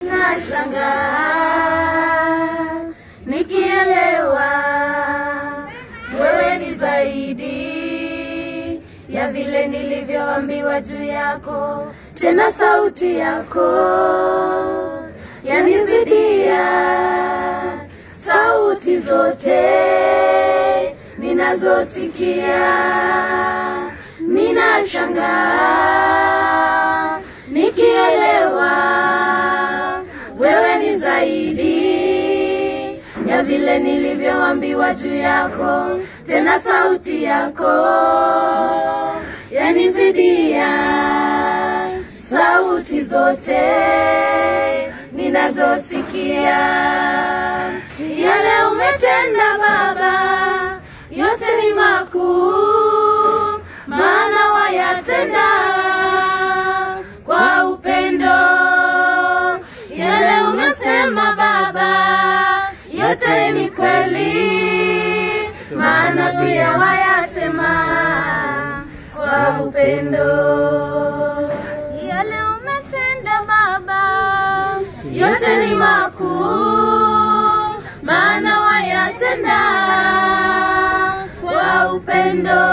Nashangaa nikielewa wewe ni zaidi ya vile nilivyoambiwa juu yako, tena sauti yako yanizidia sauti zote ninazosikia. Ninashangaa zaidi ya vile nilivyoambiwa juu yako, tena sauti yako yanizidia sauti zote ninazosikia. Yale umetenda Baba yote ni makuu, maana wayatenda yote ni kweli, maana pia wayasema kwa upendo. Yale umetenda Baba yote ni makuu, maana wayatenda kwa upendo.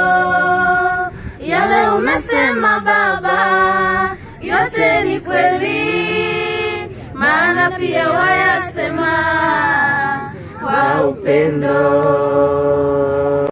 Yale umesema Baba yote ni kweli, maana pia estupendo.